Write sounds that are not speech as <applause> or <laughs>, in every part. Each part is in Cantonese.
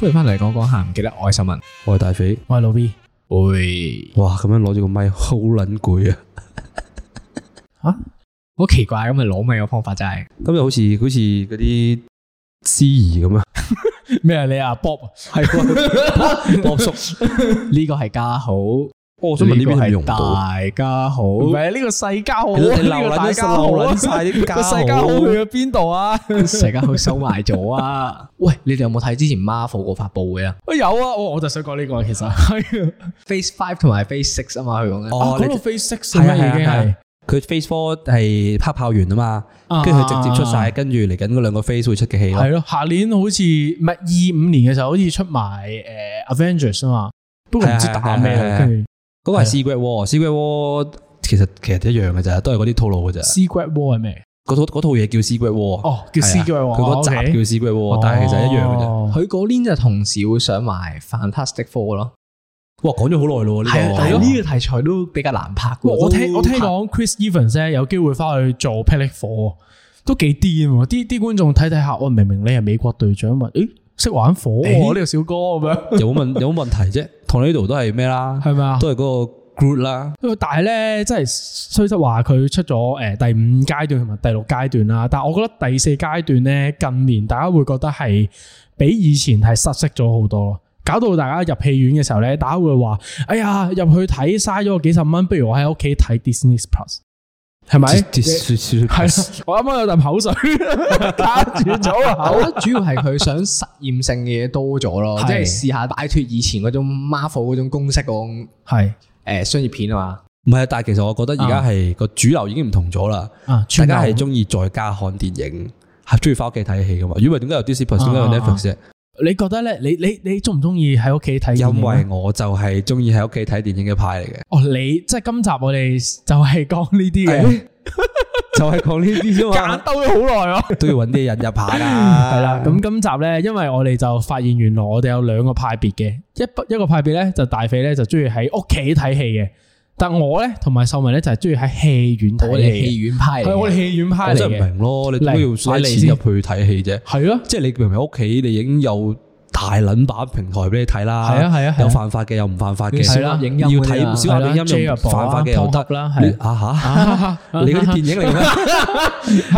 歡迎翻嚟講講下，唔記得我係什我係大肥，我係老 V。喂，哇，咁樣攞住個麥好撚攰啊！ <laughs> 啊，好奇怪咁嘅攞麥嘅方法就係。今日好似好似嗰啲司儀咁啊？咩你啊？Bob 係 <laughs> <laughs> <laughs> Bob 叔，呢 <laughs> <laughs> 個係家好。我想問呢邊係大家好，唔係呢個世嘉好，呢個大家好，世嘉好去咗邊度啊？世嘉好收埋咗啊？喂，你哋有冇睇之前 Marvel 個發佈會啊？有啊，我就想講呢個其實係 Phase Five 同埋 Phase Six 啊嘛，佢講咧，哦，呢個 Phase Six 咩已經係佢 Phase Four 係泡炮完啊嘛，跟住佢直接出晒，跟住嚟緊嗰兩個 Phase 會出嘅戲咯。係咯，下年好似唔係二五年嘅時候，好似出埋誒 Avengers 啊嘛，不過唔知打咩嗰個係 Secret War，Secret War，其實其實一樣嘅咋，都係嗰啲套路嘅咋。Secret War 係咩？嗰套嗰套嘢叫 Secret War，哦，叫 Secret War，佢嗰集叫 Secret War，但係其實一樣嘅啫。佢嗰年就同時會上埋 Fantastic Four 咯。哇，講咗好耐咯，呢個呢個題材都比較難拍嘅。我聽我聽講 Chris Evans 有機會翻去做 Pelic 霹靂火，都幾癲。啲啲觀眾睇睇下，我明明你係美國隊長，誒，識玩火呢個小哥咁樣，有問有冇問題啫？同呢度都係咩啦？係咪啊？都係嗰個 group 啦。不過，但係咧，即係雖則話佢出咗誒第五階段同埋第六階段啦，但係我覺得第四階段咧，近年大家會覺得係比以前係失色咗好多咯，搞到大家入戲院嘅時候咧，大家會話：哎呀，入去睇嘥咗個幾十蚊，不如我喺屋企睇 Disney Plus。係咪？係我啱啱有啖口水打 <laughs> 住咗了。 <laughs> 我覺得主要係佢想實驗性嘅嘢多咗咯，是即係試下擺脫以前嗰種 Marvel 嗰種公式嗰種係誒商業片啊嘛是。唔係、嗯，但係其實我覺得而家係個主流已經唔同咗啦。全、啊、家係中意在家看電影，係中意翻屋企睇戲噶嘛？因為點解有 Disney Plus，點解有 Netflix 啫？你覺得咧？你你你中唔中意喺屋企睇電影？因為我就係中意喺屋企睇電影嘅派嚟嘅。哦，你即係今集我哋就係講呢啲嘅，就係講呢啲啫嘛。夾硬兜咗好耐咯，都要揾啲人入下啦。係啦，咁今集咧，因為我哋就發現原來我哋有兩個派別嘅，一，一個派別咧就大肥咧就中意喺屋企睇戲嘅。但我咧，同埋秀文咧，就係中意喺戲院睇。我哋戲院拍嚟。我哋戲院拍嘅。我真係唔明咯，你都要使錢入去睇戲啫。係啊，即係你明明屋企，你已經有大撚把平台俾你睇啦。係啊係啊，有犯法嘅，有唔犯法嘅。係啦，影音啦。J 入榜。J 入榜。啊哈！你嗰啲電影嚟噶？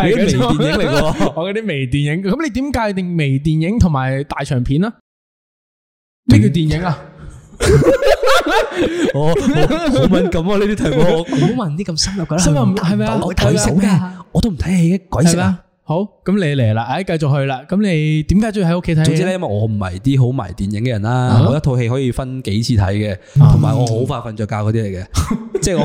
你啲微電影嚟噶。我嗰啲微電影，咁你點界定微電影同埋大長片啊？咩叫電影啊？我我好敏感啊！呢啲題目好問啲咁深入噶啦，係咪啊？我都唔睇數嘅，我都唔睇戲嘅，鬼識啦！好，咁你嚟啦，哎，繼續去啦。咁你點解中意喺屋企睇？總之咧，因為我唔係啲好迷電影嘅人啦。我一套戲可以分幾次睇嘅，同埋我好快瞓着覺嗰啲嚟嘅，即係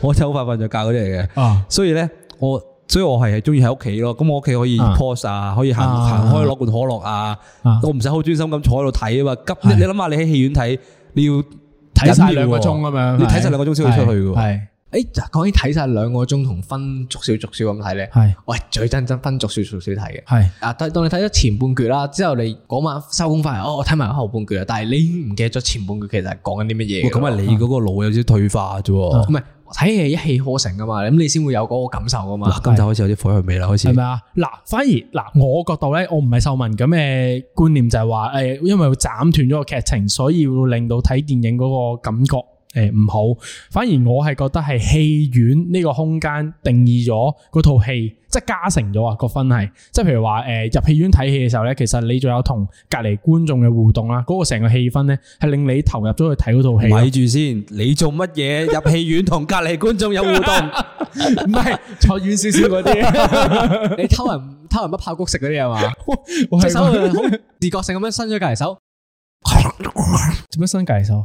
我我好快瞓着覺嗰啲嚟嘅。啊，所以咧我。所以我係係中意喺屋企咯，咁我屋企可以 pause 啊，可以行行，可以攞罐可樂啊，我唔使好專心咁坐喺度睇啊嘛。急你你諗下你喺戲院睇，你要睇晒兩個鐘咁樣，你睇晒兩個鐘先會出去嘅。係，誒，講起睇晒兩個鐘同分逐少逐少咁睇咧，係，喂，最憎憎分逐少逐少睇嘅。係，啊，但當你睇咗前半句啦，之後你嗰晚收工翻嚟，哦，我睇埋後半句啦，但係你已經唔記得咗前半句其實係講緊啲乜嘢，咁係你嗰個腦有少少退化啫，唔係。睇戲一氣呵成噶嘛，咁你先會有嗰個感受噶嘛。咁就開始有啲火藥味啦，開始係咪啊？嗱，反而嗱，我角度咧，我唔係受民咁嘅觀念，就係話誒，因為會斬斷咗個劇情，所以會令到睇電影嗰個感覺。誒，唔好，反而我係覺得係戲院呢個空間定義咗嗰套戲，即係加成咗啊、個分係，即係譬如話誒入戲院睇戲嘅時候咧，其實你仲有同隔籬觀眾嘅互動啦，嗰、個成個氣氛咧係令你投入咗去睇嗰套戲。咪住先，你做乜嘢入戲院同隔籬觀眾有互動？唔係 <laughs> 坐遠少少嗰啲， <laughs> <laughs> 你偷人偷人乜爆谷食嗰啲係嘛？即係收啊，吧 <laughs> 自覺性咁樣伸咗隔籬手，做乜伸隔籬手？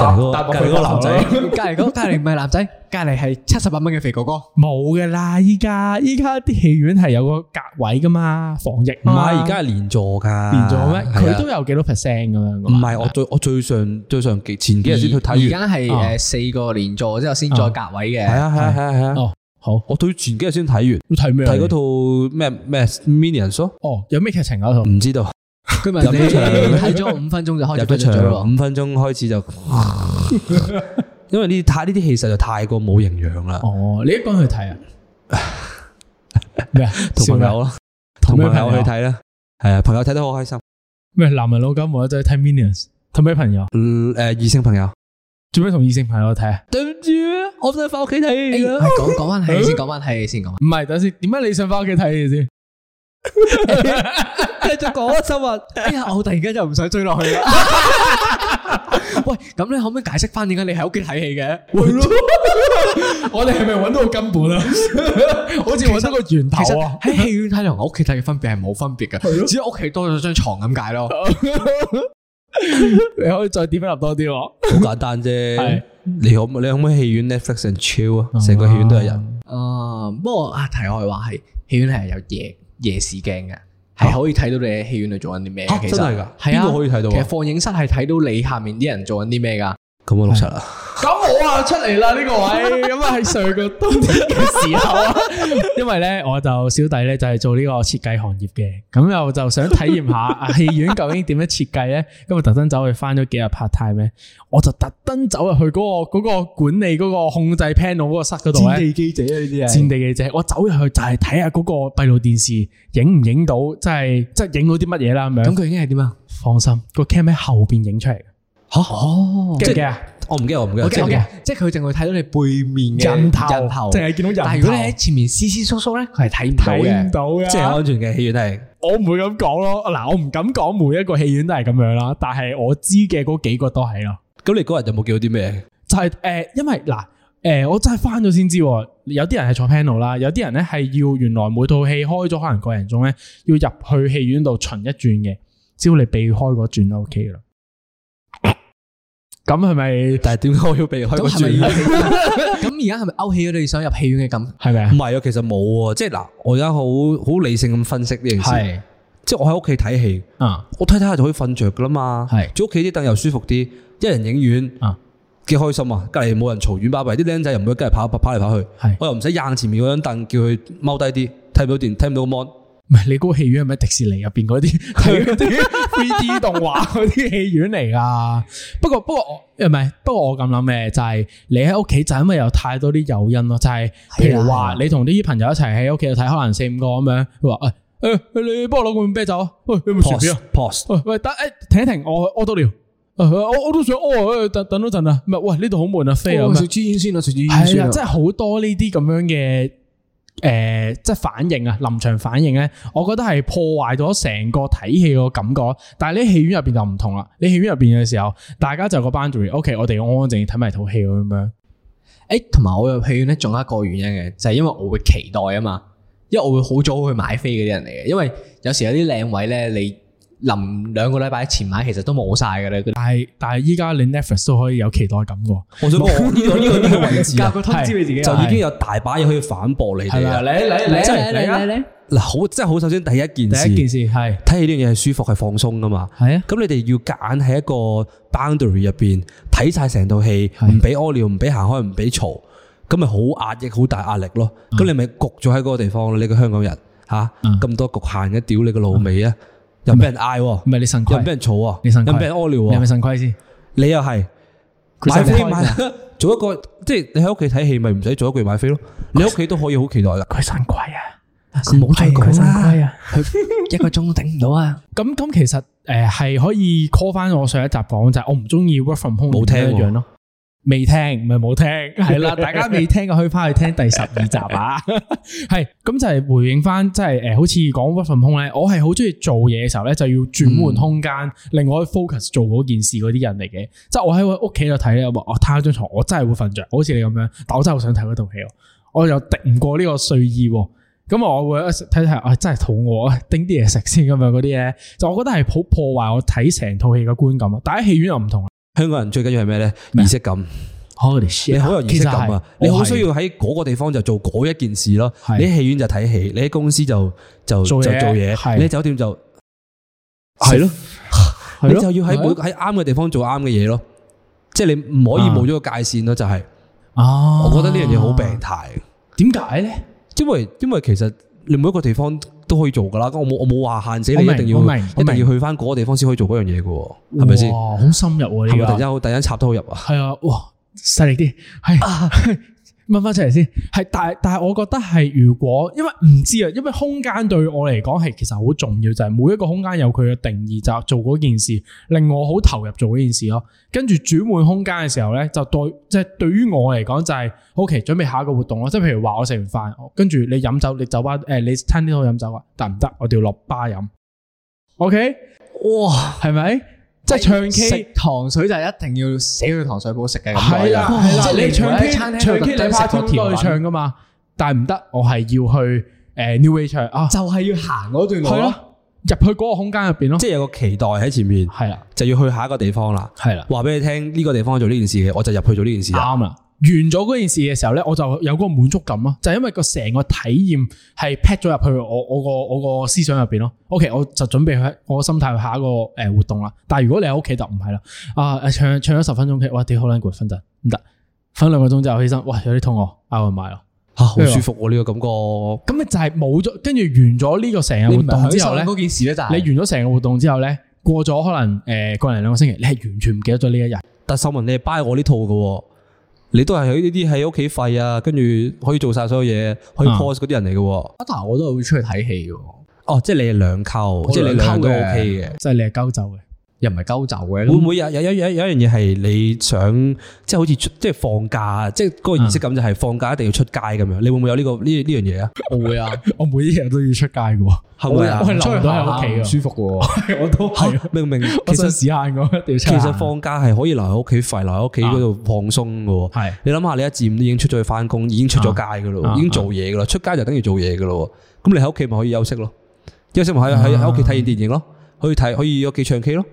隔隔籬嗰個男仔，隔籬嗰隔籬唔係男仔，隔籬係七十八蚊嘅肥哥哥。冇嘅啦，依家依家啲戲院係有個隔位噶嘛，防疫。唔係，而家係連座噶。連座咩？佢都有幾多 percent 咁樣？唔係，我最我最上最上前幾日先去睇完。而家係誒四個連座之後先再隔位嘅。係啊係啊係啊。哦，好。我對前幾日先睇完。睇咩？睇嗰套咩咩 Minions 咯。哦，有咩劇情嗰套？唔知道。佢咪入場睇咗五分鐘就開入場，五分鐘開始就，因為呢睇呢啲戲實在太過冇營養啦。哦，你一講去睇啊咩啊？同朋友咯，同朋友去睇啦。係啊，朋友睇得好開心。咩？男人老狗，我一係睇 minions，同咩朋友？嗯，誒，異性朋友。做咩同異性朋友睇啊？對唔住啊，我想翻屋企睇。誒，講講翻戲先，講翻戲先講。唔係，等先。點解你想翻屋企睇嘅先？繼續講就話，哎呀，我突然間就唔想追落去啦。 <laughs> 喂，咁你可唔可以解釋翻點解你喺屋企睇戲嘅？會咯，我哋係咪揾到個根本啊？ <laughs> 好似揾到個源頭啊！喺戲院睇同屋企睇嘅分別係冇分別噶，的只要屋企多咗張床咁解咯。 <laughs> <laughs> 你可以再點入多啲咯，好簡單啫。的你可你可唔可以戲院 Netflix and chill、嗯、啊？成個戲院都係人。啊、嗯，不過啊，題外話係戲院係有嘢。夜視鏡嘅，係、啊、可以睇到你喺戲院度做緊啲咩？其實邊個可以睇到？啊，其實放映室係睇到你下面啲人做緊啲咩噶。咁我啊！出嚟啦呢個位，咁啊喺上個冬天嘅時候啊，因為咧我就小弟咧就係做呢個設計行業嘅，咁又就想體驗下戲院究竟點樣設計咧，咁啊 <laughs> 特登走去翻咗幾日 part time 咧，我就特登走入去嗰、嗰個、嗰個管理嗰個控制 panel 嗰個室嗰度咧。戰地記者啊呢啲啊！戰地記者，我走入去就係睇下嗰個閉路電視影唔影到，即係即係影到啲乜嘢啦咁樣。咁佢已經係點啊？放心，嗰個 cam 喺 r a 後邊影出嚟。哦，驚唔驚啊？我唔驚，我唔驚。我驚唔驚？即係佢淨係睇到你背面嘅人頭，人頭，即係見到人頭。但係如果你喺前面疏疏疏疏咧，佢係睇唔到嘅，睇唔到嘅，即係安全嘅戲院都係。我唔會咁講咯。嗱，我唔敢講每一個戲院都係咁樣啦。但係我知嘅嗰幾個都係咯。咁你嗰日就冇見到啲咩？就係誒，因為嗱，誒、呃，我真係翻咗先知，有啲人係坐 panel 啦，有啲人咧係要原來每套戲開咗可能個人鐘咧，要入去戲院度巡一轉嘅，只要你避開嗰轉就 OK 啦。 <coughs> 咁係咪？但係點解我要避開個？咁係咁而家係咪勾起咗你想入戲院嘅感？係咪啊？唔係啊，其實冇啊。即係嗱，我而家好好理性咁分析呢件事。是即係我喺屋企睇戲啊，嗯、我睇睇下就可以瞓着㗎喇嘛。係是，住屋企啲凳又舒服啲，一人影院啊，幾、嗯、開心啊！隔籬冇人嘈，喧巴閉，啲僆仔又唔會跟嚟跑跑嚟跑去。是我又唔使硬前面嗰張凳，叫佢踎低啲，睇唔到電，睇唔到 mon。唔係你嗰個戲院係咪迪士尼入邊嗰啲，係嗰啲 V D 動畫嗰啲戲院嚟噶？ <laughs> 不過不過，不過我，唔係不過我咁諗嘅就係你喺屋企就因為有太多啲誘因咯，就係、是、譬如話你同啲朋友一齊喺屋企度睇，可能四五個咁樣，佢話誒你幫我攞罐啤酒，喂、哎，有冇薯片啊 Pause 喂，等誒，停一停，我屙到尿，我我都想，屙、哦哎，等等多陣啊，唔、哎、係，喂，呢度好悶啊，飛啊，食支煙先咯，食支煙。係啊對，真係好多呢啲咁樣嘅。誒、呃，即係反應啊，臨場反應咧，我覺得係破壞咗成個睇戲個感覺。但係你戲院入邊就唔同啦，你戲院入邊嘅時候，大家就個班主，OK，我哋安安靜靜睇埋套戲咁樣。誒、欸，同埋我入戲院咧，仲有一個原因嘅，就係、是、因為我會期待啊嘛，因為我會好早去買飛嗰啲人嚟嘅，因為有時有啲靚位咧，你。臨兩個禮拜前晚，其實都冇晒噶啦，但係但係依家你 Netflix 都可以有期待感噶。我想望呢個呢個呢個位置就已經有大把嘢可以反駁你哋啦。嗱，好，即係好。首先第一件事，件事係睇戲呢樣嘢係舒服、係放鬆噶嘛。係啊。咁你哋要夾硬喺一個 boundary 入邊睇晒成套戲，唔俾屙尿，唔俾行開，唔俾嘈，咁咪好壓抑、好大壓力咯。咁你咪焗咗喺嗰個地方咯。你個香港人吓，咁多局限一屌你個老味啊！又被人嗌，唔係你腎虧，又被人嘈啊，你腎虧，又俾人屙尿啊，係咪腎虧先？你又係買飛唔係？做一個即係你喺屋企睇戲，咪唔使做一個月買飛咯。你喺屋企都可以好期待啦。佢腎虧啊，冇再講啦。佢一個鐘都頂唔到啊。咁咁其實誒係可以 call 翻我上一集講，就係我唔中意 work from home 冇聽一樣咯。未聽，唔係冇聽，係啦，大家未聽嘅可以返去聽第十二集啊，係咁 <laughs> 就係回應翻，即係誒，好似講一份空咧，我係好中意做嘢嘅時候咧，就要轉換空間，嗯、令我去 focus 做嗰件事嗰啲人嚟嘅，即係、嗯、我喺屋企度睇咧，我攤喺張床，我真係會瞓着，好似你咁樣，但我真係好想睇嗰套戲，我又敵唔過呢個睡意，咁啊我會睇睇，我、哎、真係肚餓，叮啲嘢食先咁樣嗰啲嘢，就我覺得係好破壞我睇成套戲嘅觀感啊，但喺戲院又唔同。香港人最緊要係咩咧？儀式感，你好有儀式感啊！你好需要喺嗰個地方就做嗰一件事咯。你喺戲院就睇戲，你喺公司就就做嘢，你喺酒店就係咯。你就要喺每喺啱嘅地方做啱嘅嘢咯。即係你唔可以冇咗個界線咯，就係。哦，我覺得呢樣嘢好病態。點解咧？因為因為其實你每一個地方。都可以做噶啦，咁我冇我冇話限死你，一定要一定要去翻嗰個地方先可以做嗰樣嘢噶喎，係咪先？好深入啊！係咪突然間突然間插得好入啊！係啊，哇，犀利啲，係。 <laughs> 啊 <laughs> 問翻出嚟先，係但係但係，我覺得係如果，因為唔知啊，因為空間對我嚟講係其實好重要，就係、是、每一個空間有佢嘅定義，就做嗰件事令我好投入做嗰件事咯。跟住轉換空間嘅時候咧，就對即係、就是、對於我嚟講就係 OK，準備下一個活動咯。即係譬如話我食完飯，跟住你飲酒，你酒吧誒、呃，你餐廳可以飲酒啊？得唔得，我哋要落吧飲。OK，哇，係咪？即係唱 K 糖水就係一定要死去糖水鋪食嘅，係啦係啦，即係你唱啲餐廳去食個甜品去唱噶嘛，但係唔得，我係要去誒 New Way 唱啊，就係要行嗰段路，係咯，入去嗰個空間入邊咯，即係有個期待喺前面，係啦，就要去下一個地方啦，係啦，話俾你聽呢個地方做呢件事嘅，我就入去做呢件事，啱啦。完咗嗰件事嘅時候咧，我就有嗰個滿足感咯，就係、是、因為個成個體驗係 p a c 咗入去我我個我個思想入邊咯。OK，我就準備去我心態下一個誒活動啦。但係如果你喺屋企就唔係啦。啊，唱唱咗十分鐘劇，哇，屌，可能攰？分陣唔得，分兩個鐘之後起身，哇，有啲痛哦，out 賣咯。好、啊、舒服呢、啊、個感覺。咁你就係冇咗，跟住完咗呢個成日活動之後咧，件事咧就你完咗成個活動之後咧，過咗可能誒，過嚟兩個星期，你係完全唔記得咗呢一日。但係秀文，你係 buy 我呢套嘅。你都係喺呢啲喺屋企廢啊，跟住可以做晒所有嘢，啊、可以 pose 嗰啲人嚟嘅、哦。但係我都係會出去睇戲嘅。哦，即係你係兩溝，即係你兩溝都 OK 嘅，的即係你係溝走嘅。又唔係鳩就嘅，會唔會有有有有一樣嘢係你想即係好似即係放假，即係嗰個儀式感就係放假一定要出街咁樣，你會唔會有呢個呢呢樣嘢啊？我會啊，我每一日都要出街嘅喎，係咪啊？我係留喺屋企舒服嘅，我都係明明其實時間我一定要其實放假係可以留喺屋企，廢留喺屋企嗰度放鬆嘅喎。係你諗下，你一至五已經出咗去返工，已經出咗街嘅咯，已經做嘢嘅啦，出街就等於做嘢嘅咯。咁你喺屋企咪可以休息咯，休息咪喺喺屋企睇完電影咯，可以睇可以屋企唱 K 咯。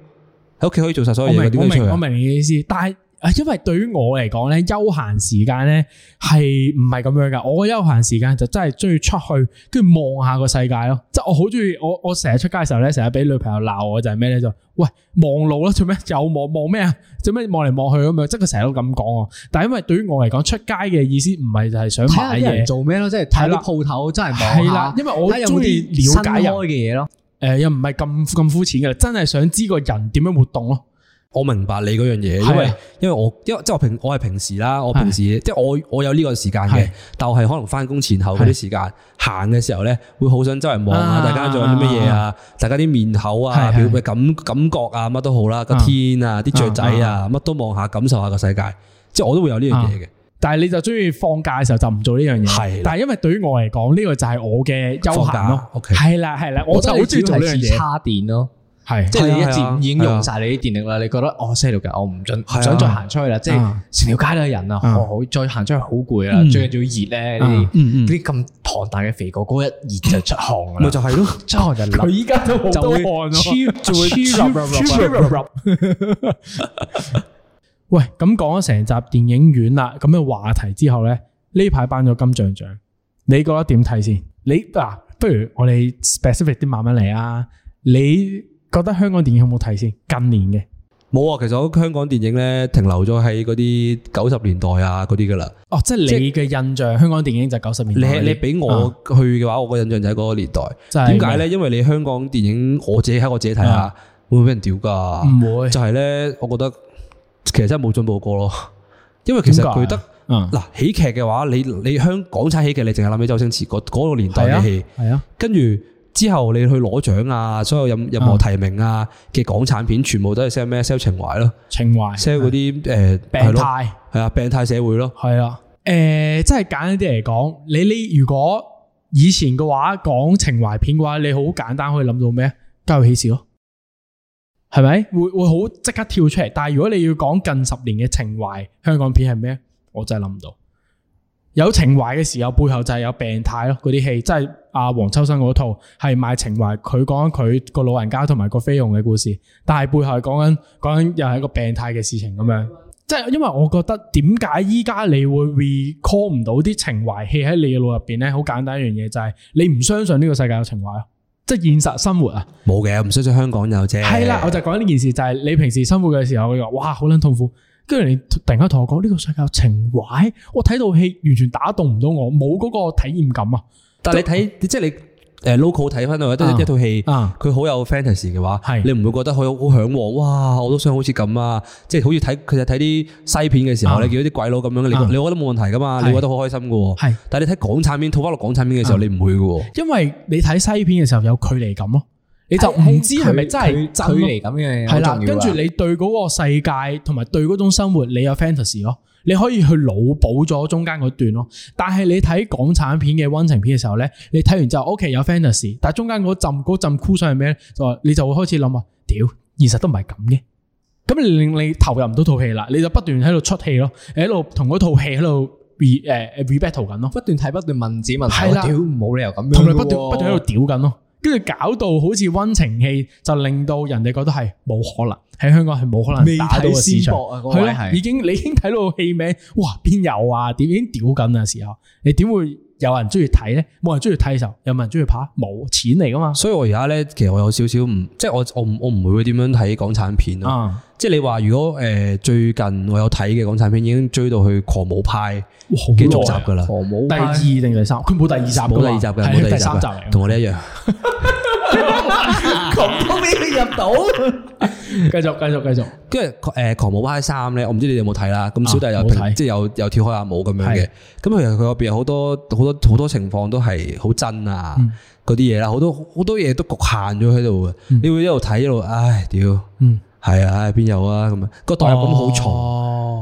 喺屋企可以做晒所有嘢，點都出嚟？我明，我明，我明你意思。但係，誒，因為對於我嚟講咧，休閒時間咧係唔係咁樣噶？我休閒時間就真係中意出去，跟住望下個世界咯。即係我好中意，我我成日出街嘅時候咧，成日俾女朋友鬧我就係咩咧？就喂，望路咯，做咩？有望望咩啊？做咩望嚟望去咁樣？即係佢成日都咁講我。但係因為對於我嚟講，出街嘅意思唔係就係想買嘢做咩咯？即係睇啲鋪頭，真係望下。係啦，因為我中意了解開嘅嘢咯。誒，又唔係咁咁膚淺嘅，真係想知個人點樣活動咯。我明白你嗰樣嘢，因為因為我，因為即係我平，我係平時啦，我平時即係我，我有呢個時間嘅，但係我係可能翻工前後嗰啲時間行嘅時候咧，會好想周圍望下，大家仲有啲乜嘢啊，大家啲面口啊，表嘅感感覺啊，乜都好啦，個天啊，啲雀仔啊，乜都望下，感受下個世界，即係我都會有呢樣嘢嘅。但係你就中意放假嘅時候就唔做呢樣嘢，係。但係因為對於我嚟講呢個就係我嘅休閒咯，OK，係啦係啦，我真係好中意做呢樣嘢。叉電咯，係，即係你一至五已經用晒你啲電力啦，你覺得哦，四六日，我唔准，想再行出去啦，即係成條街都係人啊，我再行出去好攰啊，最近仲要熱咧，呢啲呢啲咁龐大嘅肥哥哥一熱就出汗啊。咪就係咯，出汗就流。佢依家都好多汗喂，咁講咗成集電影院啦，咁嘅話題之後咧，呢排頒咗金像獎，你覺得點睇先？你嗱，啊，不如我哋 specific 啲慢慢嚟啊！你覺得香港電影有冇睇先？近年嘅冇啊，其實我香港電影咧停留咗喺嗰啲九十年代啊嗰啲噶啦。哦，即係你嘅印象即香港電影就九十年代你。你你俾我去嘅話，我個印象就係嗰個年代。就係點解咧？為呢因為你香港電影我自己喺我自己睇下，的會唔會俾人屌噶？唔會。就係咧，我覺得。其實真係冇進步過咯，因為其實佢覺得嗱、啊、喜劇嘅話，你你香港產喜劇，你淨係諗起周星馳嗰嗰個年代嘅戲，係啊。跟住、啊、之後你去攞獎啊，所有任任何提名啊嘅港產片，全部都係 sell 咩 sell 情懷咯，情懷 sell 嗰啲，誒，病態，係啊，病態社會咯，係啊。誒、呃，真係簡單啲嚟講，你你如果以前嘅話講情懷片嘅話，你好簡單可以諗到咩？家有喜事咯。係咪會會好即刻跳出嚟？但係如果你要講近十年嘅情懷香港片係咩？我真係諗唔到。有情懷嘅時候背後就係有病態咯，嗰啲戲即係阿黃秋生嗰套係賣情懷，佢講緊佢個老人家同埋個菲傭嘅故事，但係背後係講緊講緊又係一個病態嘅事情咁樣。即係因為我覺得點解依家你會 recall 唔到啲情懷戲喺你嘅腦入邊咧？好簡單一樣嘢，就係你唔相信呢個世界有情懷。即係現實生活啊，冇嘅，唔使喺香港有啫。係啦， <noise> 我就講呢件事，就係、係、你平時生活嘅時候，你話哇好撚痛苦，跟住你突然間同我講呢、這個世界有情懷，我睇套戲完全打動唔到我，冇嗰個體驗感啊。但係你睇，都即係你。誒，local 睇翻，或者一套戲，佢好有 fantasy 嘅話，你唔會覺得好好向往，哇！我都想好似咁啊，即係好似睇佢哋睇啲西片嘅時候，你見到啲鬼佬咁樣，你你覺得冇問題噶嘛？你覺得好開心噶，係。但係你睇港產片，吐翻落港產片嘅時候，你唔會噶。因為你睇西片嘅時候有距離感咯，你就唔知係咪真係真嘅。係啦，跟住你對嗰個世界同埋對嗰種生活，你有 fantasy 咯。你可以去腦補咗中間嗰段咯，但係你睇港產片嘅溫情片嘅時候咧，你睇完之後，O K 有 fantasy，但係中間嗰陣嗰上枯係咩咧？就話你就會開始諗話，屌，現實都唔係咁嘅，咁令你投入唔到套戲啦，你就不斷喺度出戲咯，你喺度同嗰套戲喺度 re、uh, r e b a t t l e 緊咯，不斷睇不斷問自己問題，屌冇理由咁樣，同埋不斷不斷喺度屌緊咯。跟住搞到好似溫情戲，就令到人哋覺得係冇可能喺香港係冇可能打到嘅市場，係咯，已經 <laughs> 你已經睇到個戲名，哇，邊有啊？點已經屌緊嘅時候，你點會？有人中意睇咧，冇人中意睇嘅時候，有冇人中意拍？冇，錢嚟噶嘛。所以我而家咧，其實我有少少唔，即係我我我唔會點樣睇港產片咯。嗯、即係你話如果誒、呃、最近我有睇嘅港產片，已經追到去狂舞派嘅續集噶啦、哦。狂舞第二定第三？佢冇第二集，冇第二集嘅，冇的第，第三集同我哋一樣。 <laughs> 都俾你入到，繼續繼續繼續。跟住誒，《狂舞派三》咧，我唔知你哋有冇睇啦。咁小弟又、啊、即係又又跳開下舞咁樣嘅。咁其實佢入邊好多好多好多情況都係好真啊，嗰啲嘢啦，好多好多嘢都局限咗喺度嘅。嗯、你會一路睇一路，唉，屌。嗯。係啊，邊有啊咁樣個代入感好重，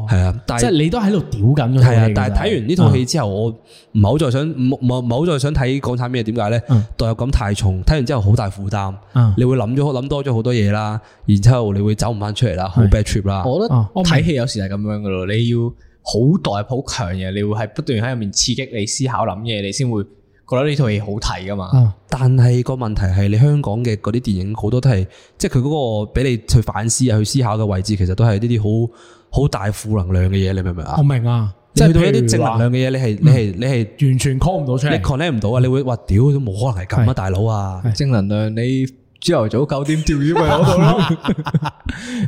係啊、哦，即係你都喺度屌緊咁係啊，但係睇、啊、完呢套戲之後，我唔好再想唔唔唔好再想睇港產片，點解咧？代入感太重，睇完之後好大負擔。啊、你會諗咗諗多咗好多嘢，啦，然之後你會走唔翻出嚟啦，好 bad trip 啦。我覺得睇戲有時係咁樣噶咯，你要好代入、好強嘅，你會係不斷喺入面刺激你，你思考諗嘢，你先會，覺得呢套戲好睇噶嘛？嗯、但係個問題係，你香港嘅嗰啲電影好多都係，即係佢嗰個畀你去反思啊，去思考嘅位置，其實都係呢啲好好大負能量嘅嘢，你明唔明啊？我明啊，即係對一啲正能量嘅嘢，你係、嗯、你係你係完全 connect 唔到出嚟，connect 唔到啊！你會話屌都冇可能係咁啊，是大佬啊，正能量你。朝頭早九點釣魚咪好咯，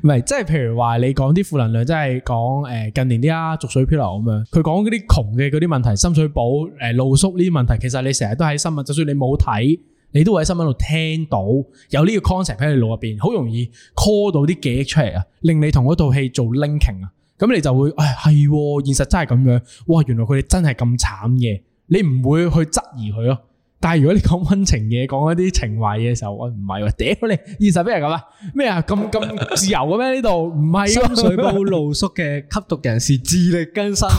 唔係， <laughs> <laughs> 即係譬如話你講啲負能量，即係講誒近年啲啊濁水漂流咁樣，佢講嗰啲窮嘅嗰啲問題，深水埗，誒露宿呢啲問題，其實你成日都喺新聞，就算你冇睇，你都會喺新聞度聽到有呢個 concept 喺你腦入邊，好容易 call 到啲記憶出嚟啊，令你同嗰套戲做 linking 啊，咁你就會誒係，現實真係咁樣，哇，原來佢哋真係咁慘嘅，你唔會去質疑佢咯。但係如果你講溫情嘢，講一啲情懷嘢嘅時候，我唔係喎，屌你！現實畀人咁啊？咩啊？咁咁自由嘅咩？呢度唔係。深水埗露宿嘅吸毒人士自力更生，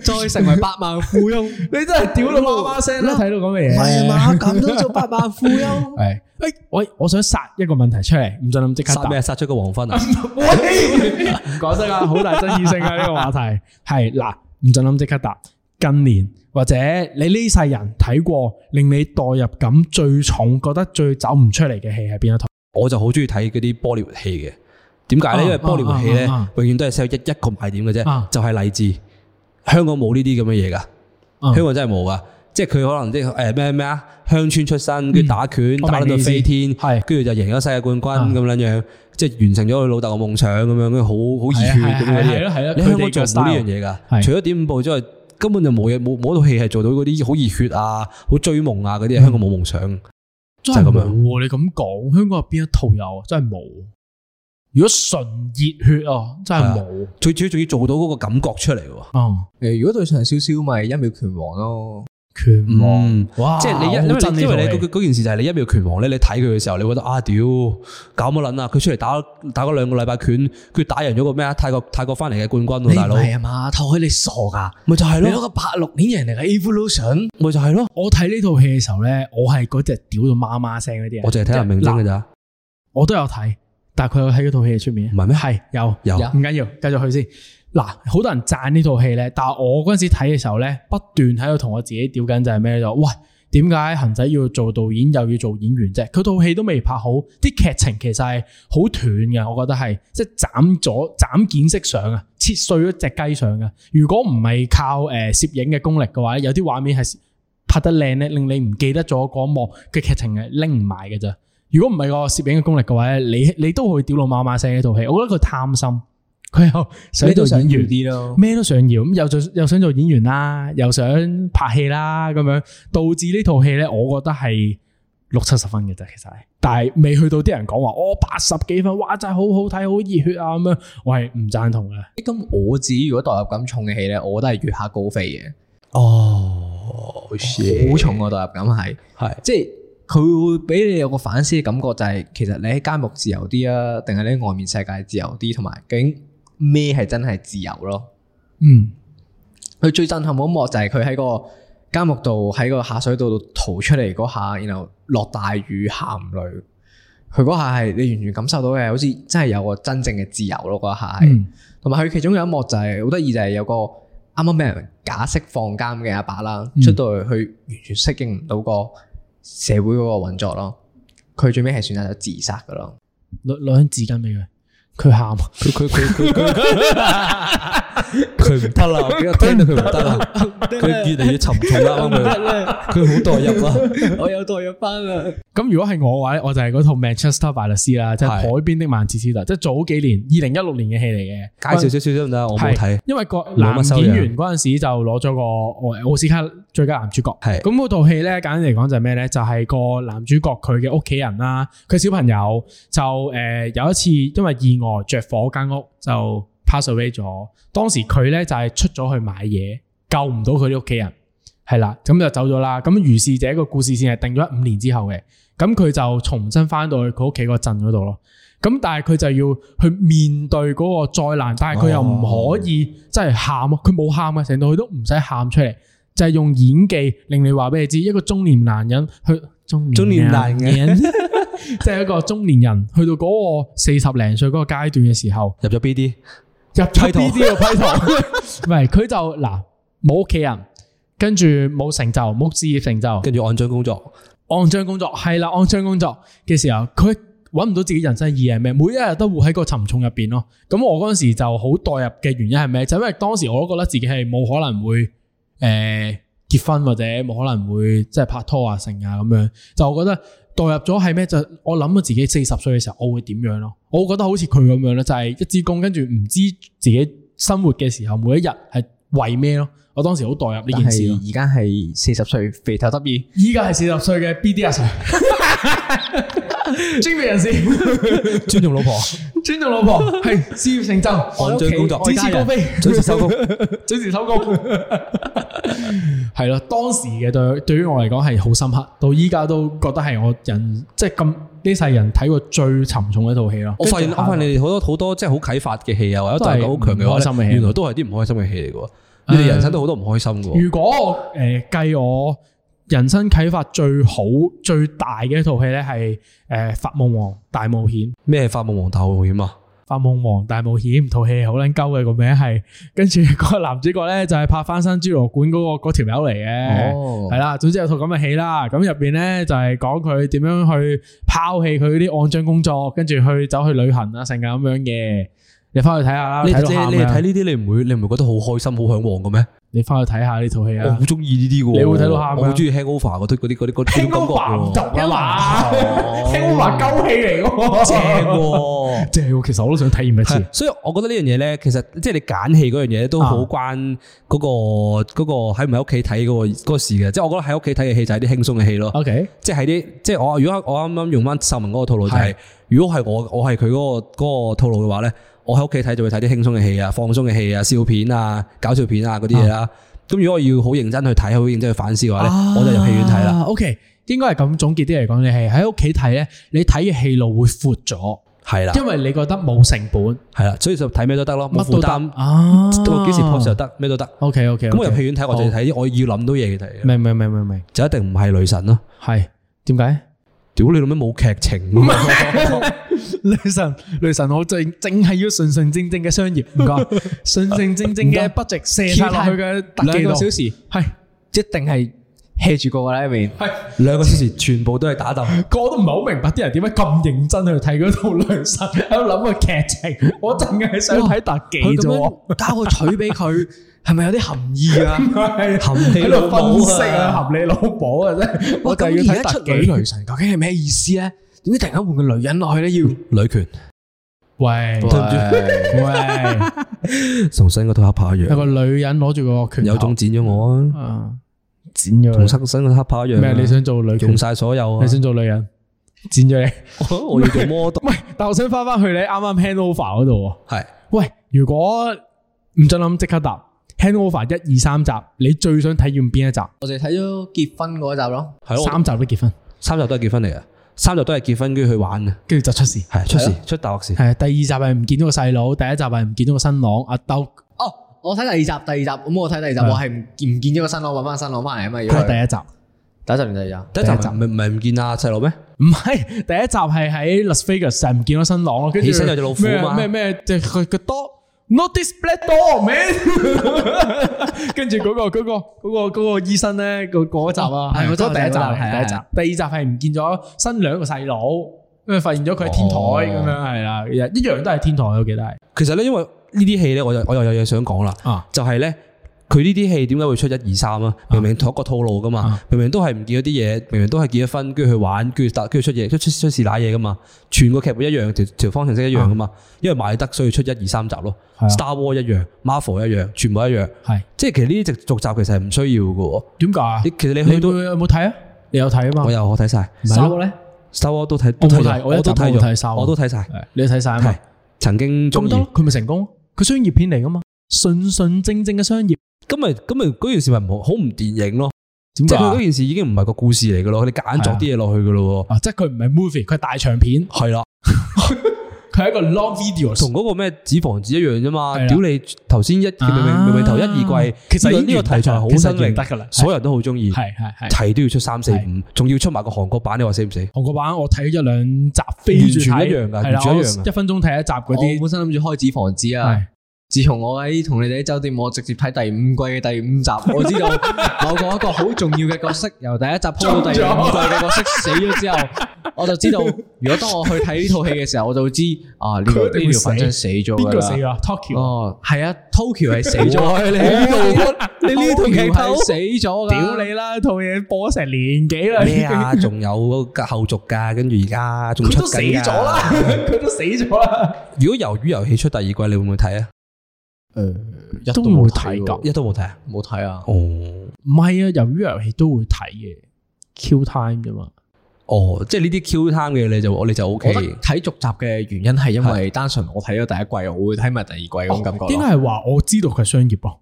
再成為百萬富翁，你真係屌到媽媽聲啦！睇到咁嘅嘢，係啊，咁都做百萬富翁。係，喂，我想殺一個問題出嚟，唔准諗即刻答。咩？殺出個黃昏啊！唔講得啊，好大爭議性啊呢個話題。係嗱，唔准諗即刻答，近年。或者你呢世人睇過令你代入感最重、覺得最走唔出嚟嘅戲係邊一套？我就好中意睇嗰啲寶萊塢戲嘅。點解咧？因為寶萊塢戲咧，永遠都係只有一一個賣點嘅啫，就係勵志。香港冇呢啲咁嘅嘢噶，香港真係冇噶。即係佢可能即係誒咩咩啊鄉村出身，跟住打拳打到飛天，跟住就贏咗世界冠軍咁樣樣，即係完成咗佢老豆嘅夢想咁樣，好好熱血咁嘅嘢。你香港做唔到呢樣嘢噶，除咗《點五步》之外。根本就冇嘢，冇冇一套戲係做到嗰啲好熱血啊、好追夢啊嗰啲，香港冇夢想，真係咁樣。你咁講，香港入邊一套有？啊？真係冇。如果純熱血啊，真係冇、啊。最主要仲要做到嗰個感覺出嚟、啊。嗯，誒、呃，如果對上少少，咪一秒拳王咯。拳王，哇！即係你一，哇因為你嗰、啊、件事就係你一秒拳王咧，你睇佢嘅時候，你覺得啊屌搞乜撚啊！佢出嚟打打咗兩個禮拜拳，佢打贏咗個咩啊泰國泰國翻嚟嘅冠軍啊！大佬係嘛，托佢你傻噶，咪就係咯！你攞個八六年人嚟嘅 Evolution，咪就係咯！我睇呢套戲嘅時候咧，我係嗰隻屌到媽媽聲嗰啲我淨係睇明星嘅咋，我都有睇，但係佢有喺嗰套戲出面，唔係咩？係有有，唔緊要，繼續去先。嗱，好多人讚呢套戲咧，但係我嗰陣時睇嘅時候咧，不斷喺度同我自己屌緊就係咩就，喂點解恒仔要做導演又要做演員啫？佢套戲都未拍好，啲劇情其實係好斷嘅，我覺得係即係斬咗斬劍式上嘅，切碎咗隻雞上嘅。如果唔係靠誒攝影嘅功力嘅話有啲畫面係拍得靚咧，令你唔記得咗嗰幕嘅、那個、劇情係拎唔埋嘅咋，如果唔係個攝影嘅功力嘅話咧，你你都會屌到媽媽聲呢套戲。我覺得佢貪心。佢又想做想要啲咯，咩都想要，咁又做又想做演員啦，又想拍戲啦，咁樣導致呢套戲咧，我覺得係六七十分嘅啫，其實係，但係未去到啲人講話我八十幾分，哇！真係好好睇，好熱血啊咁樣，我係唔贊同嘅。咁我自己如果代入感重嘅戲咧，我覺得係月黑高飛嘅。哦，好重啊代入感係，係是即係佢會俾你有個反思嘅感覺、就係，就係其實你喺監獄自由啲啊，定係你喺外面世界自由啲，同埋究竟。咩係真係自由咯？嗯，佢最震撼嗰一幕就係佢喺個監獄度喺個下水道度逃出嚟嗰下，然後落大雨行雷，佢嗰下係你完全感受到嘅，好似真係有個真正嘅自由咯。嗰下係，同埋佢其中有一幕就係好得意，就係有個啱啱俾人假釋放監嘅阿伯啦，嗯、出到去完全適應唔到個社會嗰個運作咯，佢最尾係選擇咗自殺噶咯，攞攞張紙巾俾佢。佢喊，佢佢佢佢佢，佢唔 <laughs> 得啦！我聽到佢唔得啦，佢越嚟越沉痛啦，佢佢好代入啦，我有代入翻啦。咁 <laughs> 如果係我嘅話，我就係嗰套《Manchester by the Sea》啦，即係是海邊的曼徹斯，斯特，即、就、係、是、早幾年二零一六年嘅戲嚟嘅。介紹少少得唔得？我冇睇，是因為個男演員嗰陣時候就攞咗個奧斯卡。最佳男主角。係咁，套戲咧，簡單嚟講就係咩咧？就係、是、個男主角佢嘅屋企人啦，佢小朋友就誒、呃、有一次因為意外着火間屋就 pass away 咗。當時佢咧就係出咗去買嘢，救唔到佢啲屋企人，係啦，咁就走咗啦。咁如是者個故事線係定咗五年之後嘅。咁佢就重新翻到去佢屋企個鎮嗰度咯。咁但係佢就要去面對嗰個災難，但係佢又唔可以即係喊，佢冇喊嘅，成到佢都唔使喊出嚟。就係用演技令你話俾你知，一個中年男人去中年男人，即係 <laughs> 一個中年人，去到嗰個四十零歲嗰個階段嘅時候，入咗 B D，入咗 B D 嘅批堂唔係佢就嗱冇屋企人，跟住冇成就，冇事業成就，跟住按章工作，按章工作係啦，按章工作嘅時候，佢搵唔到自己人生意義係咩？每一日都活喺個沉重入邊咯。咁我嗰陣時就好代入嘅原因係咩？就是、因為當時我都覺得自己係冇可能會。誒，結婚或者冇可能會即係拍拖啊、成啊咁樣，就我覺得代入咗係咩？就我諗我自己四十歲嘅時候我會點樣咯？我會覺得好似佢咁樣咧，就係、是、一支公。跟住唔知自己生活嘅時候每一日係為咩咯？我當時好代入呢件事。而家係四十歲肥頭得意，依家係四十歲嘅 B D 阿 Sir。 <laughs> <laughs> 專業人士，尊重老婆，尊重老婆，係事業成就，按章工作，展翅高飛，準時收工，準時收工，係咯。當時嘅對，對於我嚟講係好深刻，到依家都覺得係我人，即係咁呢世人睇過最沉重嘅一套戲咯。我發現，我發現你哋好多好多即係好啟發嘅戲啊，或者係好強嘅開心嘅戲，原來都係啲唔開心嘅戲嚟嘅。你哋人生都好多唔開心嘅。如果誒計我。人生啟發最好最大嘅一套戲咧，係誒《發夢王大冒險》。咩《發夢王大冒險》啊？《發夢王大冒險》套戲好撚鳩嘅個名係，跟住嗰個男主角咧就係拍《翻生侏羅館》嗰、嗰個嗰條友嚟嘅，係啦、哦。總之有套咁嘅戲啦。咁入邊咧就係講佢點樣去拋棄佢啲骯髒工作，跟住去走去旅行啊，成日咁樣嘅。你翻去睇下啦，你你你睇呢啲，你唔會你唔會覺得好開心、好嚮往嘅咩？你翻去睇下呢套戲啊！我好中意呢啲㗎，你有睇到啊？我好中意 Hangover，我對嗰啲嗰啲嗰 Hangover 唔同嘅嘛，Hangover 勾起嚟嘅喎，正喎，正喎。其實我都想體驗一次。所以我覺得呢樣嘢咧，其實即係你揀戲嗰樣嘢都好關嗰個個喺唔喺屋企睇嗰個個事嘅。即係我覺得喺屋企睇嘅戲就係啲輕鬆嘅戲咯。OK，即係係啲即係我如果我啱啱用翻秀文嗰個套路就係，如果係我我係佢嗰個個套路嘅話咧。我喺屋企睇就會睇啲輕鬆嘅戲啊、放鬆嘅戲啊、笑片啊、搞笑片啊嗰啲嘢啦。咁如果我要好認真去睇、好認真去反思嘅話咧，我就入戲院睇啦。OK，應該係咁總結啲嚟講，你係喺屋企睇咧，你睇嘅戲路會闊咗，係啦，因為你覺得冇成本，係啦，所以就睇咩都得咯，冇負擔啊，到幾時破時又得，咩都得。OK OK，咁我入戲院睇我就要睇我要諗到嘢嘅嘢。明明明明明，就一定唔係女神咯。係，點解？屌，你老咩冇劇情？雷 <laughs> <laughs> 神，雷神，我淨淨係要純純正正嘅商業，唔該，純純 <laughs> 正正嘅不值射晒落去嘅特技，兩個小時係一定係吃住個啦入面，係 I 兩 mean, 是個小時全部都係打鬥，我 <laughs> 都唔係好明白啲人點解咁認真去睇嗰套雷神喺度諗個劇情，我淨係想睇特技啫，交個錘俾佢。 <laughs> 係咪有啲含意啊？喺度分析啊，含你老母啊！真係，我突然間出女女神，究竟係咩意思咧？點解突然間換個女人落去咧？要女權？喂喂喂！重新個套黑豹一樣，有個女人攞住個權，有種想剪咗我啊！剪咗，重新個黑豹一樣。咩？你想做女權？用晒所有。你想做女人？剪咗你，我要做魔。喂，但我想翻翻去你啱啱 hand over 嗰度。係。喂，如果唔准諗，即刻答。Hangover 一二三集，你最想睇完邊一集？我就睇咗結婚嗰一集咯。係咯，三集都結婚，三集都係結婚嚟嘅。三集都係結婚，跟住去玩嘅，跟住就出事，係對出事，出大鑊事。係第二集係唔見咗個細佬，第一集係唔見咗個新郎阿斗。哦，我睇第二集，第二集咁是我睇第二集，我係唔唔見咗個新郎揾翻新郎翻嚟啊嘛。第一集，第一集定第二集？第一集唔係唔係唔見阿細佬咩？唔係第一集係喺 Las Vegas 就係唔見咗新郎咯，後起身有隻老虎嘛？咩咩？即係佢多。Not this black door, man。跟住嗰個、嗰、嗰個、嗰個、嗰個醫生咧，嗰個嗰、嗰個、集啊，係我睇第一集，係第一集，的第二集係唔見咗新兩個細佬，咁啊發現咗佢喺天台咁樣係啦，哦、一樣都係天台我記得係。其實咧，因為戲呢啲戲咧，我又我又有嘢想講啦，啊、就係咧。佢呢啲戲點解會出一二三啊？明明同一個套路噶嘛，明明都係唔見咗啲嘢，明明都係結咗婚，跟住去玩，跟住跟住出嘢，出出事瀨嘢噶嘛？全個劇本一樣，條條方程式一樣噶嘛？因為賣得，所以出一二三集咯。Star War 一樣，Marvel 一樣，全部一樣。係，即係其實呢啲集續集其實係唔需要嘅。點解啊？其實你去到你有冇睇啊？你有睇啊嘛？我有，我睇晒。Star War 咧，Star War 都睇晒。我都睇晒，我都睇晒。你睇晒係，曾經鍾意。佢咪成功？佢商業片嚟噶嘛？純純正正嘅商業。咁咪咁咪嗰件事咪唔好唔電影咯。即係佢嗰件事已經唔係個故事嚟噶咯，佢夾硬作啲嘢落去噶咯。啊，即係佢唔係 movie，佢係大長片，係啦，佢係一個 long videos 同嗰個咩紙房子一樣啫嘛。屌你頭先一明明明頭一二季，其實呢個題材好新穎得噶啦，所有人都好中意，係係係，提都要出三四五，仲要出埋個韓國版，你話死唔死？韓國版我睇咗一兩集，完全一樣噶，完全一樣，一分鐘睇一集嗰啲。我本身諗住開紙房子啊。自從我喺同你哋喺酒店，我直接睇第五季嘅第五集，我知道某個一個好重要嘅角色由第一集鋪到第五季嘅角色死咗之後，我就知道，如果當我去睇呢套戲嘅時候，我就會知啊，呢呢條粉身死咗㗎啦。Tokyo 哦係啊，Tokyo 係死咗，你呢套戲死咗，屌你啦！套嘢播咗成年幾啦，咩啊？仲有後續噶，跟住而家仲出緊。死咗啦，佢都死咗啦。如果魷魚遊戲出第二季，你會唔會睇啊？誒，一都冇睇噶，一都冇睇，冇睇啊！哦，唔係啊，由於遊戲都會睇嘅，Q time 啫嘛。哦，即係呢啲 Q time 嘅你就 OK, 我你就 OK。睇續集嘅原因係因為單純我睇咗第一季，的我會睇埋第二季咁感覺、嗯。點解係話我知道佢商業嘅？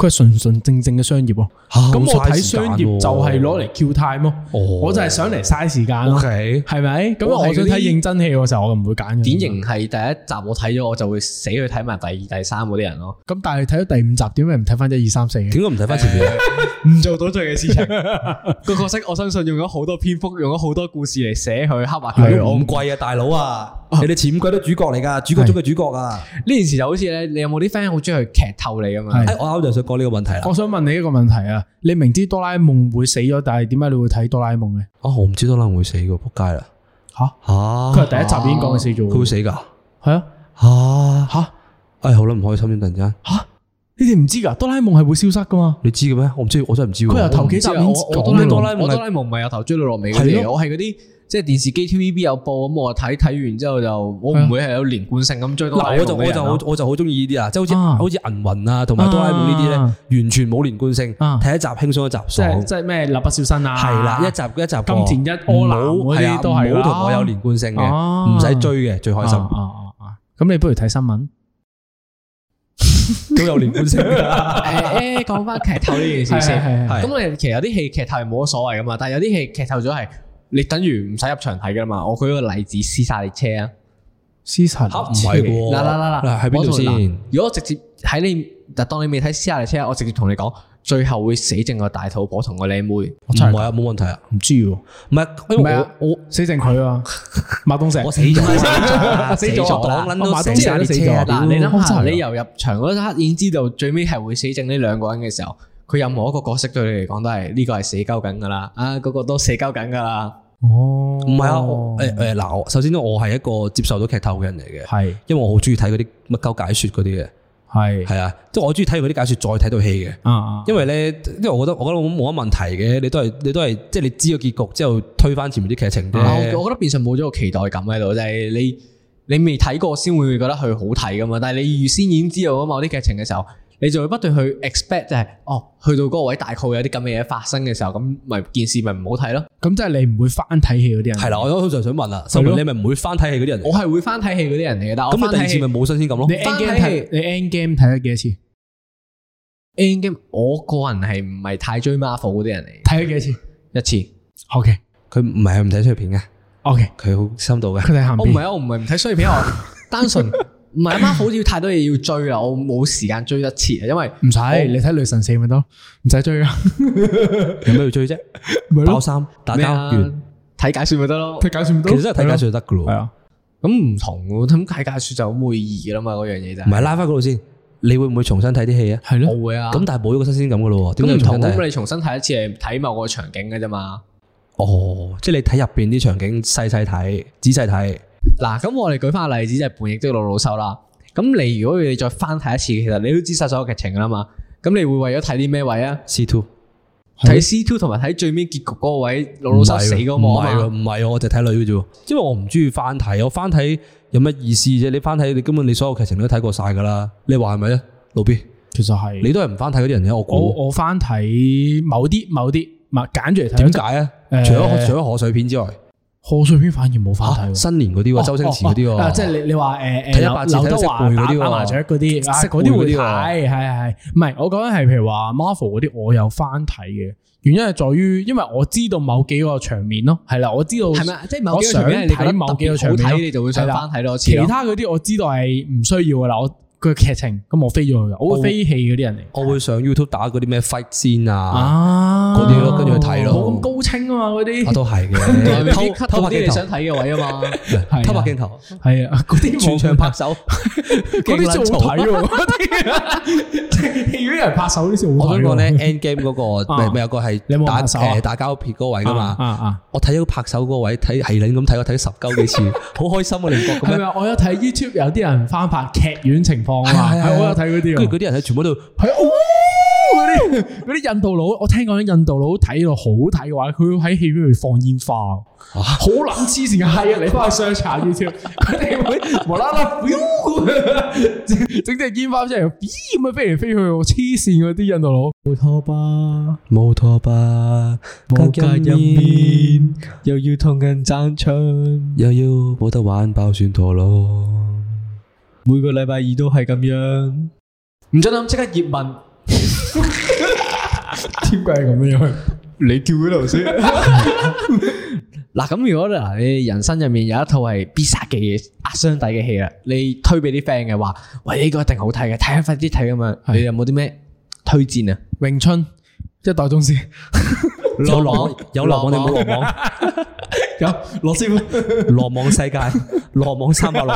佢係純純正正嘅商業，咁我睇商業就係攞嚟 kill time 咯，我就係想嚟嘥時間咯，係咪？咁我想睇認真戲嘅時候，我就唔會揀。典型係第一集我睇咗，我就會死去睇埋第二、第三嗰啲人咯。咁但係睇咗第五集，點解唔睇翻一二三四？點解唔睇翻前面，唔做到罪嘅事情。個角色，我相信用咗好多篇幅，用咗好多故事嚟寫佢，刻埋佢。我唔貴啊，大佬啊！你哋潛鬼都主角嚟噶，主角中嘅主角啊！呢件事就好似咧，你有冇啲 friend 好中意劇透你咁樣？誒，我啱就想講呢個問題啦。我想問你一個問題啊，你明知哆啦 A 夢會死咗，但係點解你會睇哆啦 A 夢嘅？啊，我唔知哆啦 A 夢會死噶，仆街啦！吓吓、啊，佢係第一集已經講嘅死咗？佢、啊、會死噶？係啊，吓吓、啊，誒、啊哎，好啦，唔開心先，突然間吓。啊你哋唔知噶？哆啦 A 夢係會消失噶嘛？你知嘅咩？我唔知，我真係唔知。佢又頭幾集我面哆啦，A 我哆啦 A 夢唔係由頭追到落尾嘅我係嗰啲即係電視機 TVB 有播咁，我睇睇完之後就我唔會係有連貫性咁追到。我就我就我就好中意呢啲啊，即係好似好似銀魂啊，同埋哆啦 A 夢呢啲咧，完全冇連貫性，睇一集輕鬆一集。即係即係咩蠟筆小新啊？係啦，一集一集。金田一柯南嗰啲都係啦，冇同我有連貫性嘅，唔使追嘅最開心。咁你不如睇新聞。都有連貫性。誒、 <laughs> 欸，講翻劇透呢件事先。咁我其實有啲戲劇透係冇乜所謂噶嘛，但係有啲戲劇透咗係，你等於唔使入場睇噶嘛。我舉個例子，私《屍殺列車啊》啊，啊《屍、啊、殺》吓唔係？嗱嗱嗱嗱，喺邊度先？如果我直接喺你，就當你未睇《屍殺列車》，我直接同你講。最後會死剩個大肚婆同個靚妹，我唔係啊，冇問題啊，唔知喎、啊，唔係是，我死剩佢啊，馬東石，我死咗，死咗，我馬東石死咗。但係你諗下，你由入場嗰一刻已經知道最尾係會死剩呢兩個人嘅時候，佢任何一個角色對你嚟講都係呢個係死鳩緊噶啦，啊，嗰個都死鳩緊噶啦。哦，唔係啊，誒、哎、誒，嗱、哎，首先咧，我係一個接受到劇透嘅人嚟嘅，係的，因為我好中意睇嗰啲乜鳩解說嗰啲嘅。係係啊，即係是我中意睇佢啲解說再睇套戲嘅，嗯嗯因為咧，因為我覺得，我覺得冇乜問題嘅，你都係你都係，即係你知個結局之後推翻前面啲劇情，嗯。我覺得變成冇咗個期待感喺度，就係你你未睇過先會覺得佢好睇噶嘛，但係你預先已經知道咗某啲劇情嘅時候。你就會不斷去 expect，就係哦，去到嗰個位大概會有啲咁嘅嘢發生嘅時候，咁咪件事咪唔好睇咯。咁即係你唔會翻睇戲嗰啲人。係啦，我都好想問啦，秀文，你咪唔會翻睇戲嗰啲人？我係會翻睇戲嗰啲人嚟嘅。但係我咁第二次咪冇新鮮感咯。你 end game 睇，你 end game 睇咗幾多次？end game，我個人係唔係太追 Marvel 嗰啲人嚟。睇咗幾多次？一次。O K，佢唔係唔睇商業片噶。O K，佢好深度噶。佢哋行邊？我唔係我唔係唔睇衰片，我單純。唔係，阿媽好似太多嘢要追啦，我冇時間追一次啊！因為唔使你睇《雷神四》咪得咯，唔使追啊，有咩要追啫？包三打交完睇解說咪得咯，睇解說其實真係睇解說就得噶咯，係啊。咁唔同我諗睇解說就冇意義噶啦嘛，嗰樣嘢就唔係拉翻嗰度先。你會唔會重新睇啲戲啊？係咯，我會啊。咁但係冇咗個新鮮感噶咯，點解唔同？咁你重新睇一次係睇某個場景噶啫嘛。哦，即係你睇入邊啲場景，細細睇，仔細睇。嗱，咁我哋舉翻個例子，就係、是《叛逆的魯魯修》啦。咁你如果要你再翻睇一次，其實你都知晒所有劇情噶啦嘛。咁你會為咗睇啲咩位啊？C two 睇 C two 同埋睇最尾結局嗰個位，魯魯修死嗰幕啊？唔係，唔係喎，我就睇女嘅啫。因為我唔中意翻睇，我翻睇有乜意思啫？你翻睇，你根本你所有劇情都睇過晒噶啦。你話係咪啊？老 B，其實係你都係唔翻睇嗰啲人嘅，我我，我翻睇某啲某啲，唔係揀住嚟睇。點解啊？除咗除咗賀歲片之外。賀歲片反而冇翻睇喎、啊，新年嗰啲喎，啊、周星馳嗰啲喎。即係你你話誒誒，劉、呃、德華嗰啲啊，麻雀嗰啲，食嗰啲會睇，係係係。唔、哎、係、哎哎哎，我講緊係譬如話 Marvel 嗰啲，我有翻睇嘅。原因係在於，因為我知道某幾個場面咯，係啦，我知道係咪？即係某幾個場面，睇某幾個場面你,你就會想翻睇多次。其他嗰啲我知道係唔需要噶啦，我。佢劇情咁我飛咗去我會飛戲嗰啲人嚟。我會上 YouTube 打嗰啲咩 fight scene 啊，嗰啲咯，跟住去睇咯。冇咁高清啊嘛，嗰啲都係嘅，偷拍偷拍你想睇嘅位啊嘛，偷拍鏡頭。係啊，嗰啲全場拍手，嗰啲先好睇喎。戲院有人拍手，啲先好睇。我想講咧，Endgame 嗰個咪有個係打打交撇嗰位㗎嘛。我睇咗拍手嗰位，睇係你。咁睇我睇十鳩幾次，好開心啊！你覺咁樣係啊！我有睇 YouTube 有啲人翻拍劇院情。係係，我有睇嗰啲，跟住嗰啲人喺全部都喺，嗰啲嗰啲印度佬，我聽講印度佬睇到好睇嘅話，佢會喺戲院度放煙花，好撚黐線嘅閪啊！你翻去 search 少少，佢哋會無啦啦，整隻煙花即係咁樣飛嚟飛去，黐線嘅啲印度佬。冇錯吧？冇錯吧？家家入面又要同人爭搶，又要冇得玩爆旋陀螺。每個禮拜二都係咁樣，唔准諗，即刻葉問。點解係咁樣？你叫頭先。嗱咁，如果嗱你人生入面有一套係必殺嘅嘢、壓箱底嘅戲啦，你推俾啲 friend 嘅話，喂呢、這個一定好睇嘅，睇下快啲睇咁啊！你有冇啲咩推薦啊？詠春即係一代宗師 <laughs> ，有浪有浪，我哋冇浪。 <laughs> 有羅師傅，羅網世界，羅網三百六。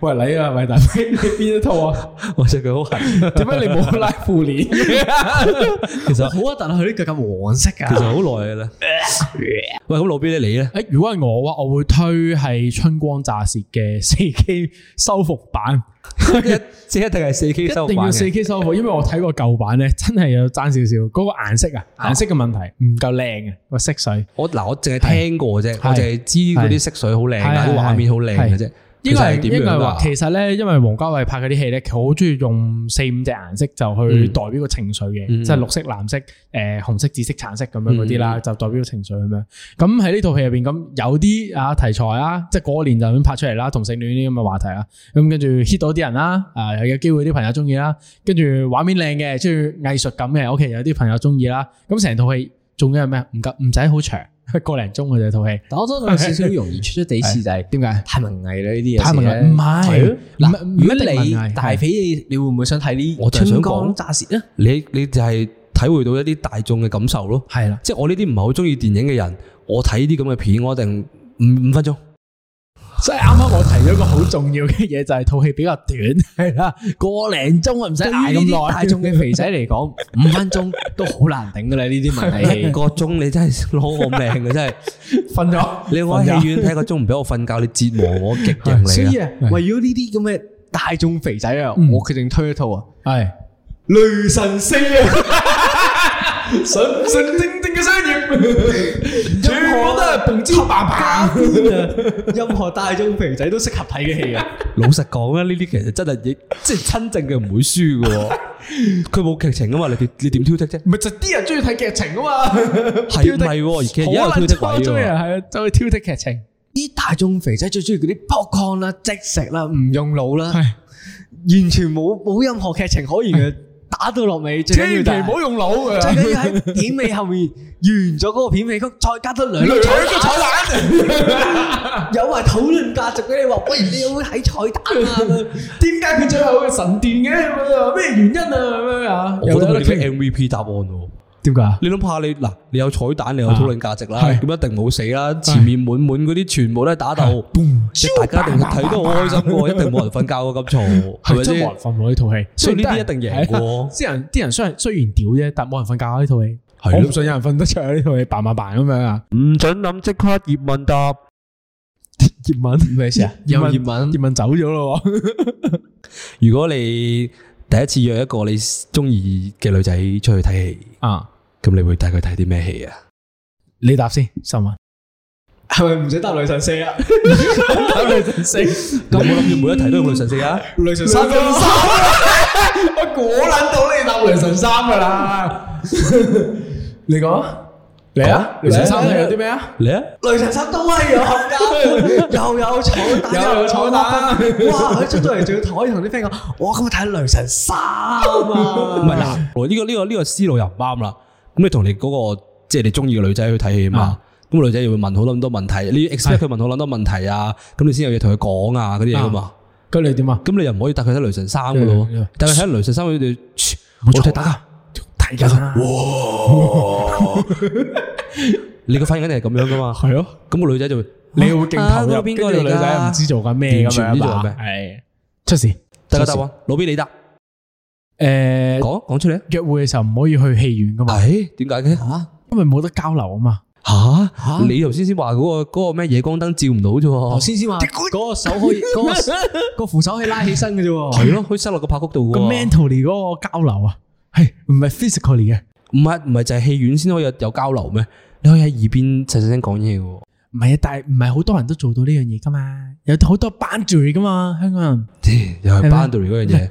喂，你啊，喂，大飛，你邊一套啊？我着佢好痕，點解你冇拉褲鏈？其實好核突啊，但係佢啲腳咁黃色噶，其實好耐嘅啦。喂，好老表咧，你咧？誒，如果係我嘅話，我會推係春光乍泄嘅四 K 修復版，即係一定係四 K 修復版。一定要四 K 修復，因為我睇過舊版咧，真係有爭少少。嗰、嗰個顏色啊，顏色嘅問題唔、啊、夠靚啊。個色水。我嗱，我淨係聽過啫，對 我淨係知嗰啲色水好靚，啲對畫面好靚嘅啫。呢個係點，呢個係話，其實咧，實因為王家衛拍嗰啲戲咧，佢好中意用四五隻顏色就去代表個情緒嘅，嗯、即係綠色、藍色、誒、呃、紅色、紫色、橙色咁樣嗰啲啦，嗯、就代表情緒咁樣。咁喺呢套戲入邊，咁有啲啊題材啊，即係過年就咁拍出嚟啦，同性戀呢啲咁嘅話題啦。咁跟住 hit 到啲人啦，啊有機會啲朋友中意啦，跟住畫面靚嘅，即係藝術感嘅，我屋企有啲朋友中意啦，咁成套戲仲有咩啊？唔急，唔使好長。一個零鐘佢就套戲，但我都覺得有少少容易出咗地次就係點解？ <laughs> 太文藝啦，呢啲嘢，太文藝唔係，如果你大肥，你你會唔會想睇呢啲春光乍泄咧？你你就係體會到一啲大眾嘅感受咯，係啦的，即係我呢啲唔係好中意電影嘅人，我睇呢啲咁嘅片，我一定五五分鐘。所以啱啱我提咗一個好重要嘅嘢，就係套戲比較短，係啦，個零鐘啊，唔使挨咁耐。大眾嘅肥仔嚟講，五分鐘都好難頂噶啦，呢啲問題一個鐘你真係攞我命啊！真係瞓咗，你我喺戲院睇個鐘唔俾我瞓覺，你折磨我極型嚟啊！所以啊，為咗呢啲咁嘅大眾肥仔啊，我決定推一套啊，係《雷神四》啊，想唔想聽？商業，任何都係蹦跳吧吧，任何大眾肥仔都適合睇嘅戲啊！老實講啊，呢啲其實真係即係真正嘅唔會輸嘅，佢冇劇情啊嘛？你你點挑剔啫？咪 <laughs> 就啲人中意睇劇情啊嘛？係唔係？好難挑剔啊！係啊，走去挑剔劇情，啲大眾肥仔最中意嗰啲爆谷啦、即食啦、唔用腦啦，係嘿完全冇冇任何劇情可言嘅。打到落尾，千祈唔好用腦。最緊要係片尾後面完咗嗰個片尾曲，再加多兩個彩蛋， <laughs> <laughs> 有埋討論價值俾你話。喂，你有冇睇彩蛋啊？點解佢最後嘅神殿嘅？咩 <laughs> <laughs> 原因啊？咁樣有冇得俾 MVP 答案？點解？你諗怕你嗱，你有彩蛋，你有討論價值啦，咁一定冇死啦。前面滿滿嗰啲全部都係打鬥，大家一定睇都好開心嘅，一定冇人瞓覺嘅咁嘈，係咪？都冇人瞓喎呢套戲。所以呢啲一定贏過，啲人啲人雖然雖然屌啫，但冇人瞓覺呢套戲。係咁想有人瞓得着呢套戲，扮埋扮咁樣啊！唔准諗即刻葉問答，葉問咩事啊？又葉問，葉問走咗咯。如果你第一次約一個你中意嘅女仔出去睇戲啊？咁你會帶佢睇啲咩戲啊？你答先，三萬係咪唔使搭雷神四啊？搭雷神四，咁我諗住每一題都係雷神四啊？雷神三，我估諗到你搭雷神三噶啦。你講，你啊？雷神三係有啲咩啊？你啊？雷神三都係有，又有彩蛋，又有彩蛋。哇！佢出到嚟仲要同啲 friend 講，我今日睇《雷神三》啊！唔係啦，呢個呢個呢個思路又唔啱啦。咁你同你嗰個即係你中意嘅女仔去睇戲嘛？咁個女仔又會問好多咁多問題，你 expect 佢問好多咁多問題啊？咁你先有嘢同佢講啊，嗰啲嘢噶嘛？咁你點啊？咁你又唔可以答佢睇雷神三噶咯？但係睇雷神三佢就冇錯，打交，打交。哇！你個反應肯定係咁樣噶嘛？係咯。咁個女仔就會你會鏡頭入邊有邊個女仔唔知做緊咩咁樣，唔知做咩？係出事，大家答案，老俾你答。誒，講講出嚟。約會嘅時候唔可以去戲院噶嘛？點解嘅？吓，因為冇得交流啊嘛。吓吓，你頭先先話嗰個個咩夜光燈照唔到啫？頭先先話嗰個手可以，個個扶手可以拉起身嘅啫。係咯，可以塞落個拍谷度。個 mental 嚟嗰個交流啊，係唔係 physical 嚟嘅？唔係唔係就係戲院先可以有交流咩？你可以喺耳邊細細聲講嘢嘅。唔係啊，但係唔係好多人都做到呢樣嘢噶嘛？有好多 boundary 噶嘛，香港人。又係 boundary 嗰樣嘢。